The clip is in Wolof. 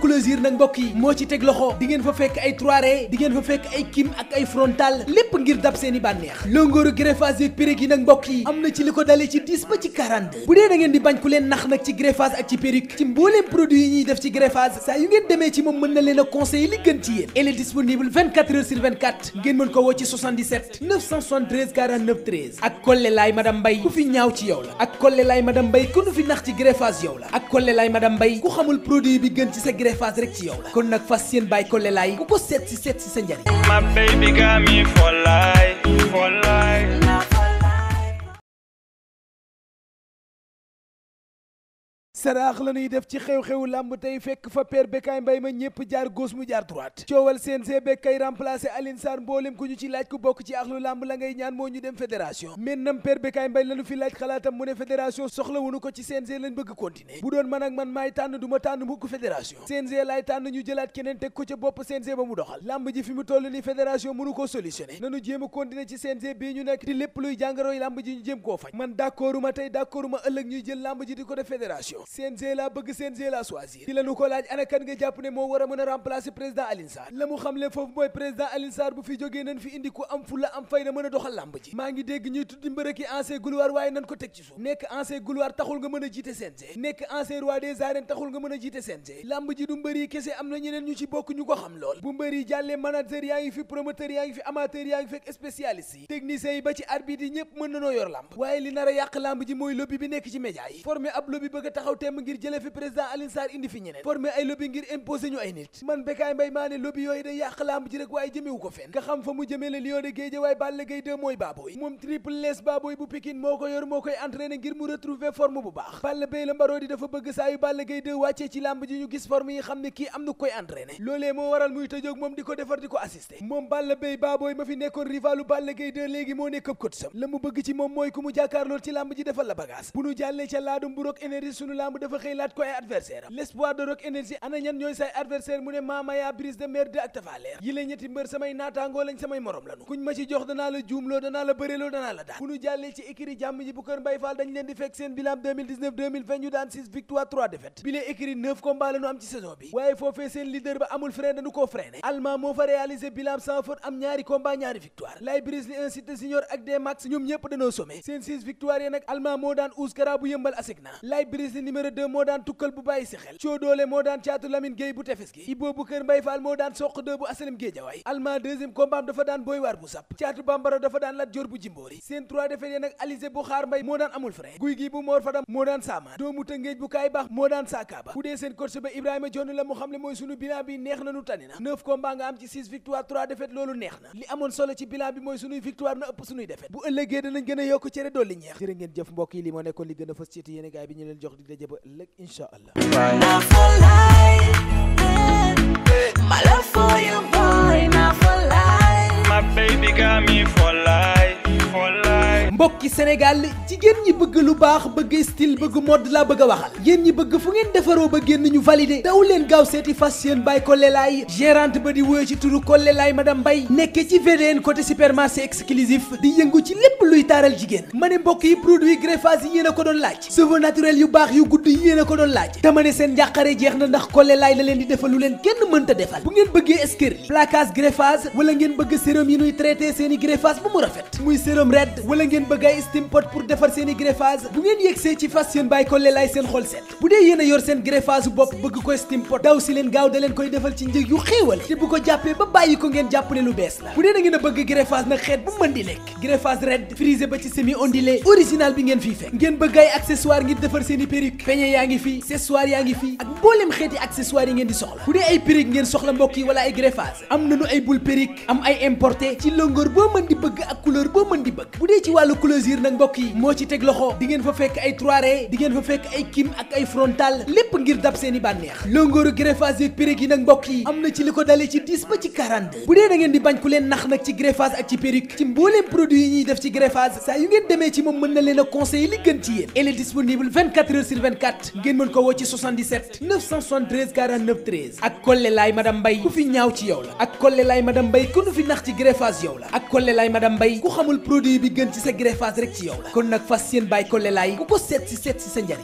clôture nag mbokk yi moo ci teg loxo di ngeen fa fekk ay trois di ngeen fa fekk ay kim ak ay frontal lépp ngir dab seen bànneex longooru greffage yeeg périg yi nag mbokk yi am na ci li ko dalee ci 10 ba ci 42 bu dee da di bañ ku leen nax nag ci greffage ak ci périg ci mbooleem produit yi ñuy def ci greffage saa yu ngeen demee ci moom mën na leen a li gën ci yéen elle disponible ngeen mën ko woo ak Kolle laay madame Mbaye ku fi ñaaw Serigne Fass rek ci yow la kon nag fas yéen bàyyi ko lelaay ku ko seet si seet si sa njariñ. My baby got me for life. saraax la ñuy def ci xew xew làmb tey fekk fa père Bécaye Mbaye ma ñépp jaar gauche mu jaar droite coowal CNG Bécaye remplacé Aline Sarr mboolem ku ñu ci laaj ku bokk ci axlu làmb la ngay ñaan moo ñu dem fédération maintenant père Bécaye Mbaye lañu fi laaj xalaatam mu ne fédération soxla wunu ko ci CNG lañ bëgg continuer bu doon man ak man maay tànn du ma tànn mukk fédération CNG laay tànn ñu jëlaat keneen teg ko ca bopp CNG ba mu doxal làmb ji fi mu toll ni fédération mënu koo solutionné nanu jéem a continuer ci CNG bii ñu lépp luy jàngarooy làmb ji ñu jéem koo faj man d'accorduma tey d'accorduma ëllëg ñuy jël làmb ji di ko def fédération CNG laa bëgg CNG laa choisir ci la ñu ko laaj ana kan nga jàpp ne moo war a mën a remplacer président Alioune Sarr la mu xamle foofu mooy a doxal làmb a jiite CNG nekk ancien nga mën a jiite CNG làmb ji ñu ci bokk ñu ko xam lool bu mbër yi jàllee manager yaa ngi fi promoteur yaa ngi fi a yàq làmb ab lobby bëgg a taxaw temm ngir jëlee fi président Alioune Sarr indi fi ñeneen formé ay lobby ngir imposer ñu ay nit man Bécaye Mbaye maa ne lobby yooyu day yàq lamb ji rek waaye jëmewu ko fenn nga xam fa mu jëmee la Lion de Guédiawaye Balla Gaye 2 mooy baabooy moom triple les baabooy bu Pikine moo ko yor moo koy entraîné ngir mu retrouver forme bu baax Balla Gaye la mbaroo di dafa bëgg saa yu Balla Gaye 2 ci lamb ji ñu gis forme yi xam ne kii am na koy entraîné loolee moo waral muy tëjoog moom moo nekk coach sam la mu lamb dafa xëy laaj ko ay adversaire am l'espoir de Rock Énergie ana ñooy say adversaire mu ne Mamaya Brise de Mer 2 ak Tapha yi la ñetti mbër samay naataangoo lañ samay morom lanu kuñ ma ci jox danaa la juumloo danaa la bëreloo danaa la daan bu ñu jàllee ci écurie jàmm ji bu kër Mbay Fall dañ leen di fekk seen bilan 2019 2020 ñu daan 6 victoire 3 défaite bi lee écurie 9 combats la am ci saison bi waaye foofee seen numéro moo daan tukkal bu bàyyi si xel coodoole moo daan caatu Lamine Gueye bu tefes gi Ibou bu kër Mbay Fall moo daan soq 2 bu asalim géejawaay alma deuxième combat dafa daan booy bu sàpp caatu bambara dafa daan lat joor bu jimboori seen trois defet yéen ak alizé bu xaar mbay moo daan amul frein guy gi bu moor fadam moo daan saamaan doomu tëngéej bu kaay baax moo daan saakaaba bu dee seen coach ba ibrahima jonn la mu xam ne mooy sunu bilan bi ba ëllëg incha allah. My baby got me. mbokki Sénégal jigéen ñi bëgg lu baax bëgg style bëgg mode laa bëgg a waxal yéen ñi bëgg fu ngeen defaroo ba génn ñu validé daw leen gaaw seeti fas yéen Baye Collé Laye gérante ba di woyo ci turu Collé ma madame Mbaye nekke ci VDN côté supermarché exclusif di yëngu ci lépp luy taaral jigéen ma ne mbokk yi produit greffage yi yéen a ko doon laaj cheveux naturel yu baax yu gudd yi yéen a ko doon laaj dama ne seen njàqare jeex na ndax Collé Laye da leen di defal lu leen kenn mënta defal bu ngeen bëggee escurely plaquage greffage wala ngeen bëgg seen i greffage ba bëgg ay steam pour defar seen i greffage bu ngeen yegsee ci fas yéen bàyyi ko lelaay seen xol set bu dee yéen yor seen greffage bopp bëgg koy steam daw si leen gaaw da koy defal ci njëg yu xéewal te bu ko jàppee ba bàyyi ko ngeen jàpp lu bees la bu dee da ngeen a bëgg greffage nag xeet bu mën di lekk greffage red frisé ba ci semi ondulé original bi ngeen fii fekk ngeen bëgg ay accessoire ngir defar seen i peñe yaa ngi fii accessoire wàllu clôture nag mbokk yi moo ci teg loxo di fa fekk ay trois di fa fekk ay kim ak ay frontal lépp ngir dab seen i bànneex longooru greffage yeeg périg yi nag mbokk yi am na ci li ko dalee ci 10 ba ci 42 bu dee da di bañ ku leen nax nag ci greffage ak ci périg ci mbooleem produit yi ñuy def ci greffage saa yu ngeen demee ci moom mën na leen a conseiller li gën ci yéen elle est disponible 24 heures sur 24 ngeen mën ko woo ci 77 ak Kolle laay madame Mbaye ku ku fi nax greffage rek ci yow la kon nag fas yéen bàyyi ko lelaay ku ko seet si seet si sa njariñ.